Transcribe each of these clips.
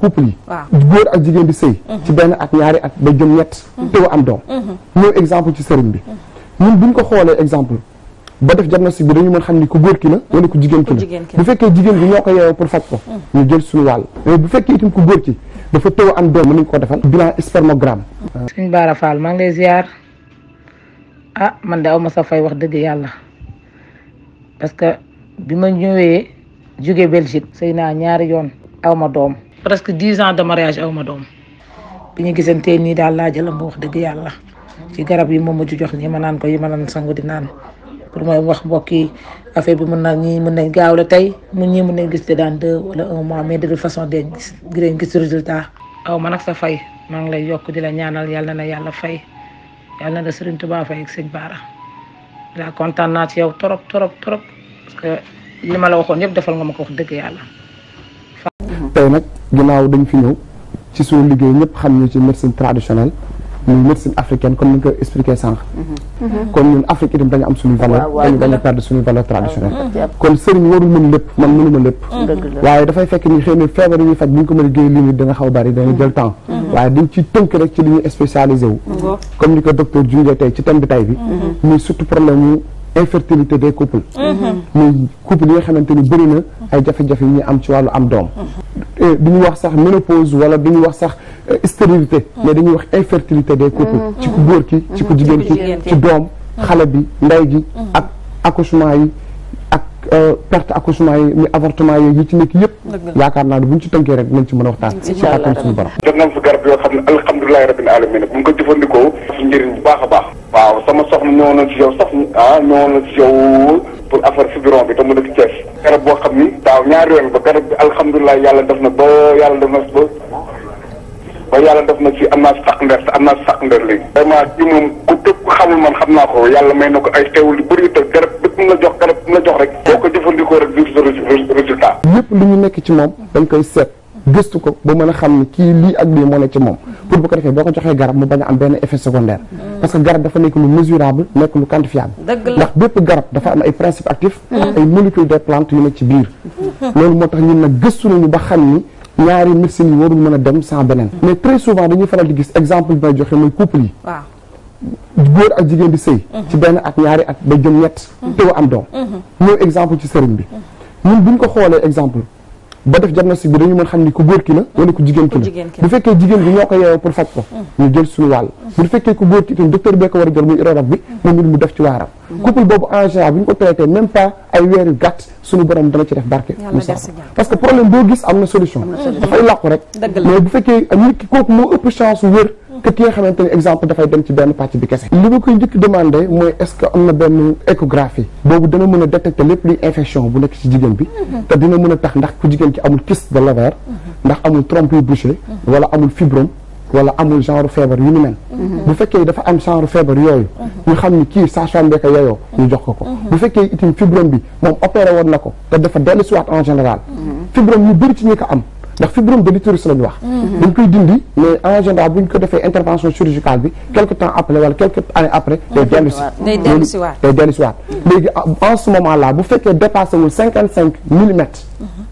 couple yi góor ak jigéen di sëy mhm. ci benn ak ñaari at ba jëm ñett mhm. te am doom mhm. ñëw exemple ci sëriñ bi ñun buñ ko xoolee exemple ba def si bi dañu mën xam ni ku góor ki la wala ku jigéen ki la bu fekkee jigéen bi ñoo ko yeewoo pour faj ko ñu jël suñu wàll mais bu fekkee itam ku góor ki dafa tëw am doom mën nañ ko defal bilan spermogramme euh. suñ Bara Fall maa ngi lay ziar ah man de aw ma sa fay wax dëgg yàlla parce que bi ma ñëwee jóge Belgique sëy naa ñaari yoon aw ma doom presque dix ans de mariage aw ma doom bi ñu gisantee nii daal laa jëlam bu wax dëgg yàlla ci garab yi moom ma ju jox nii ma naan ko yi ma naan sangu di naan pour mooy wax mbokk yi affaire bi mën na ñii mën nañ gaaw la tey mu ñii mën nañ gis te daan deux wala un mois mais de toute façon de gis dinañ gis résultat aw ma nag sa fay maa ngi lay yokk di la ñaanal yàlla na yàlla fay yàlla na Serigne Touba fay ak sëñ Baara la kontaan naa ci yow trop trop trop parce que li ma la waxoon yëpp defal nga ma ko wax dëgg tey nag ginnaaw dañ fi ñëw ci suñu liggéey ñëpp xam ñu ci médecine traditionnelle muy médecine africaine mm-hmm. kon suñu a perdre suñu valeur traditionnelle mm-hmm. kon sëriñ warul mën lépp man mënuma lépp waaye dafay fekk ni xëy na feebar yi ñuy faj bu ñu ko mën a géey limite danga xaw bari danga jël temps mm-hmm. waaye dañ ci tënk rek ci li ñuy spécialisé wu comme ni ko docteur junjee tey ci thème bi tey bi muy surtout problème infertilité des couples muy couple yi nga xamante ni bëri na ay jafe-jafe yi ñu am ci wàllu am doom eh, du ñu wax sax ménopause wala du ñu wax sax eh, stérilité mais dañuy wax infertilité des couples ci ku góor ki ci ku jigéen ki ci doom xale bi ndey ji ak accouchement yi Euh, perte accouchement yi muy avortement yi ci nekk yëpp yaakaar naa ne buñ ci tënkee rek nañ ci mën a waxtaan ci àttan suñu borom jot nañ fi garab xam ne alhamdulilahi rabbil alamin bu ñu ko jëfandikoo bu baax a baax waaw sama soxna ñëwoon na ci yow sax ah ñëwoon na ci yow pour affaire bi te mu dëkk Thiès garab boo xam ni daaw ñaari yoon ba garab bi alhamdulilah yàlla def na ba yàlla def na yàlla def na ci am naa saq ndeer te am naa saq ndeer léegi vraiment moom ku tëb xamul man xam naa ko yàlla may na ko ay xewul yu bëri te garab bépp mu jox garab mu la jox rek lépp lu ñu nekk ci moom dañ koy seet gëstu ko ba mën a xam ni kii lii ak lii moo ne ci moom pour bu ko defee boo ko joxee garab mu bañ a am benn effet secondaire parce que garab dafa nekk lu mesurable nekk lu quantifiable ndax bépp garab dafa am ay principes actifs ay molécules des plantes yu ne ci biir loolu moo tax ñun nag gëstu nañu ba xam ni ñaari médecine yi warul mën a dem sans beneen mais très souvent dañuy faral di gis exemple bi may joxe mooy couple yi góor ak jigéen di sëy hum. ci benn at ñaari at ba jëm ñett hum. te am doom hum. ñëw exemple ci sëriñ bi ñun buñ ko xolé exemple ba def diagnostic bi dañu mën xam ni ku góor ki la wala ku jigen ki la bu fekke jigen bi ñoko yéw pour faj ko ñu jël suñu wal bu fekke ku góor ki itam docteur bee ko war jël muy erreur bi mo it mu def ci waram couple bobu en général buñ ko traité même pas ay wéru gàtt suñu borom dana ci def barke parce que problème boo gis amna solution dafay làqu rek mais bu fekke nit ki kooku mo ëpp chance wér que ki nga xamante ni exemple dafay dem ci benn pàcc bi kese. li ma koy njëkk demandé mooy est-ce que am na benn échographie boobu dana mën a détecter lépp luy infection bu nekk ci jigéen bi mhm. te dina mën a tax ndax ku jigéen ki amul kyste de l'ovaire mhm. ndax amul trompe yu bouché mhm. wala amul fibrome wala amul genre feebar yu ni men bu fekkee dafa am genre feebar yooyu ñu xam ni kii sage-femme bi ko yeyoo ñu jox ko ko bu fekkee itam fibrome bi moom opéré woon na ko te dafa dellu siwaat en général fibrome ñu ci ñi ko am ndax fibrome de l'utérus lañu wax mm-hmm. Mm-hmm. dañ koy dindi mais en général bu ñu ko defee intervention chirurgicale bi quelque temps après ou quelques années après day dellu si day dellu si waat léegi en ce moment là bu fekkee dépassé wul 55 mm. millimètres mm-hmm.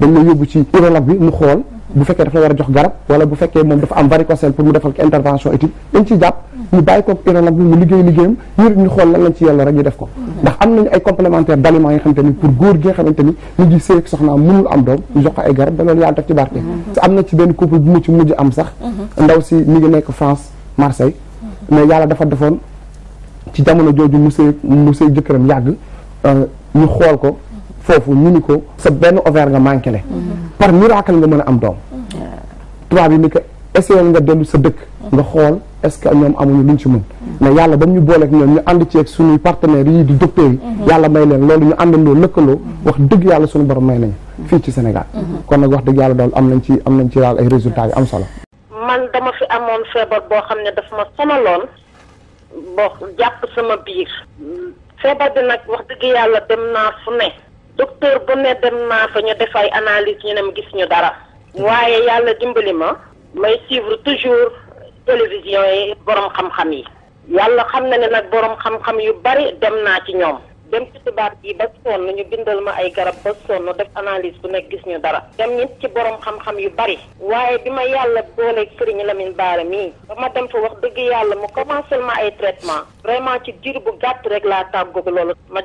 dañ la yóbbu ci urologue bi mu xool bu fekkee dafa war a jox garab wala bu fekkee moom dafa am varicocèle pour mu defal ko intervention éthique dañ ci jàpp ñu bàyyi ko urologue bi mu liggéey liggéeyam ñu ñu xool lan lañ ci yàlla rek ñu def ko ndax am nañu ay complémentaire d' aliments yi nga xamante ni pour góor gi nga xamante ni ñu ngi sëy ak soxnaam mënul am doom ñu jox ko ay garab da loolu yàlla def ci barke am na ci benn couple bu mu ci mujj am sax ndaw si mi ngi nekk France Marseille mais yàlla dafa defoon ci jamono jooju mu sëy mu sëy jëkkëram yàgg ñu xool ko foofu ñu ni ko sa benn ovaire nga manqué le par miracle nga mën a am doom tubaab yi ni ko essayé nga dellu sa dëkk nga xool est-ce que ñoom amuñu luñ ci mën mais yàlla ba mu ñu booleeg ñoom ñu ànd ci ak suñuy partenaires yi di docteurs yi mhm. yàlla may leen loolu ñu àndandoo lëkkaloo mhm. wax dëgg yàlla suñu borom may nañu fii ci Sénégal mhm. kon nag wax dëgg yàlla daal am nañ ci am nañ ci daal ay résultats yu am solo man dama fi amoon feebar boo xam ne daf ma sonaloon boo jàpp sama biir feebar bi docteur bu ne dem naa fa ñu def ay analyse ñu ne ma gis ñu dara waaye yàlla dimbali ma may suivre toujours télévision yi borom xam-xam yi yàlla xam na ne nag boroom xam-xam yu bari dem naa ci ñoom dem ci tubaab yi ba sonn ñu bindal ma ay garab ba sonn def analyse ku nekk gis ñu dara dem nit ci borom xam-xam yu bari waaye bi ma yàlla booleeg la Lamine Baara mii ba ma dem fa wax dëgg yàlla mu commencé ma ay traitement vraiment ci diir bu gàtt rek laa tàggoog loolu ma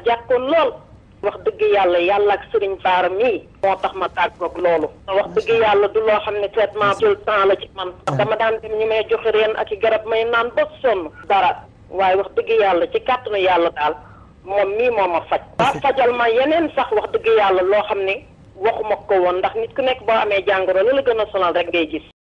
wax dëgg yàlla yàlla ak sëriñ Baara mii moo tax ma tàggoog loolu wax dëgg yàlla du loo xam ne traitement jël temps la ci man dama daan dem ñi may joxe reen ak i garab may naan ba sonn dara waaye wax dëgg yàlla ci kàttanu yàlla daal moom mii moom ma faj ba fajal ma yeneen sax wax dëgg yàlla loo xam ne waxuma ko woon ndax nit ku nekk boo amee jàngoro la la gën a sonal rek ngay gis